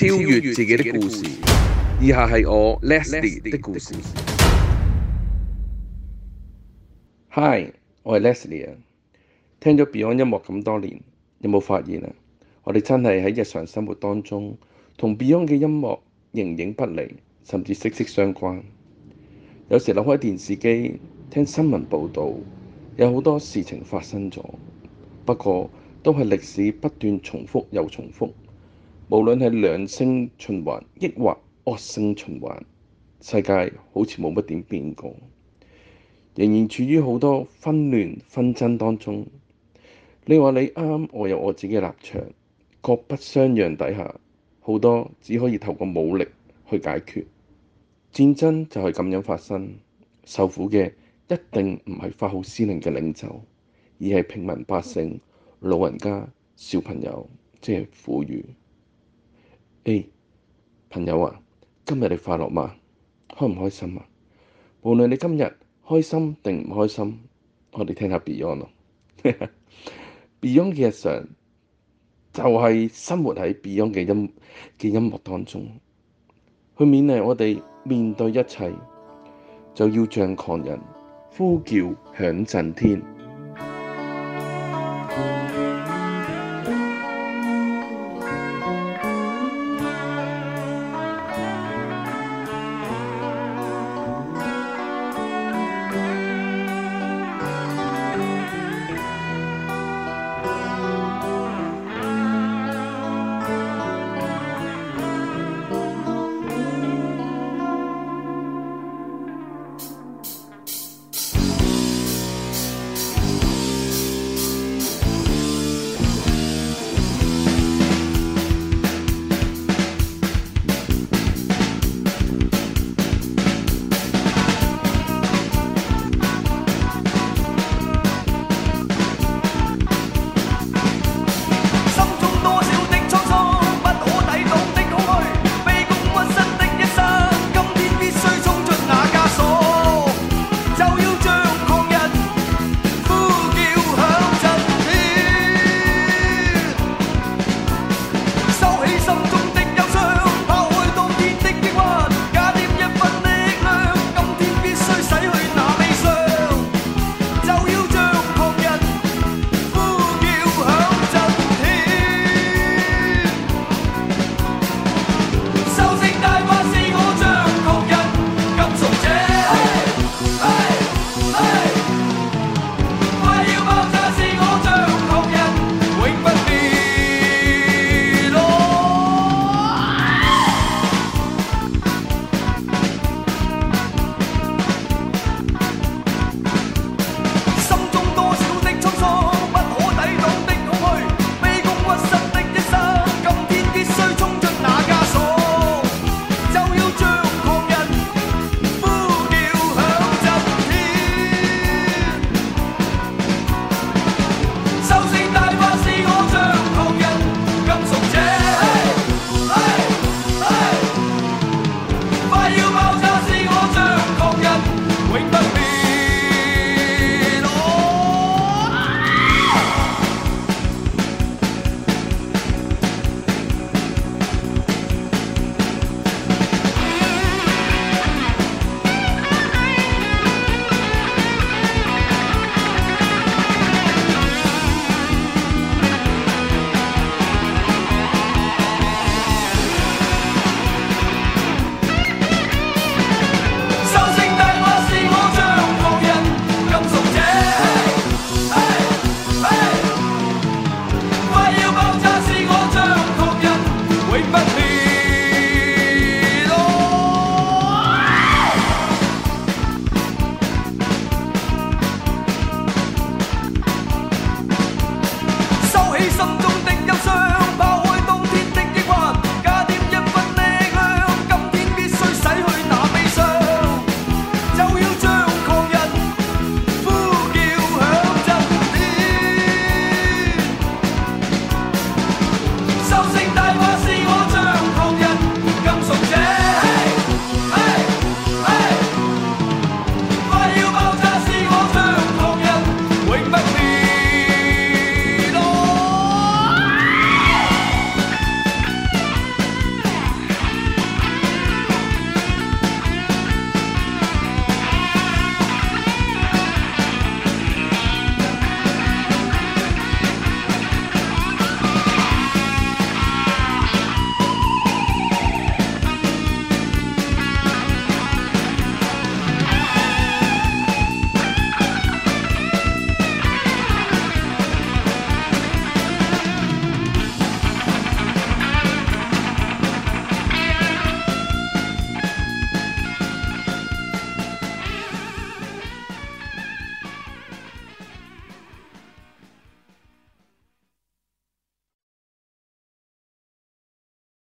超越自己的故事。以下係我 Leslie 的故事。Hi，我係 Leslie 啊。聽咗 Beyond 音樂咁多年，有冇發現啊？我哋真係喺日常生活當中，同 Beyond 嘅音樂形影不離，甚至息息相關。有時攞開電視機聽新聞報道，有好多事情發生咗，不過都係歷史不斷重複又重複。無論係良性循環，抑或惡性循環，世界好似冇乜點變過，仍然處於好多紛亂紛爭當中。你話你啱，我有我自己嘅立場，各不相讓底下，好多只可以透過武力去解決。戰爭就係咁樣發生。受苦嘅一定唔係發號施令嘅領袖，而係平民百姓、老人家、小朋友，即係苦遇。誒，hey，朋友啊，今日你快樂嗎？開唔開心啊？無論你今日開心定唔開心，我哋聽下 Beyond 咯。Beyond 嘅日常就係生活喺 Beyond 嘅音嘅音樂當中，去勉勵我哋面對一切，就要像狂人呼叫響震天。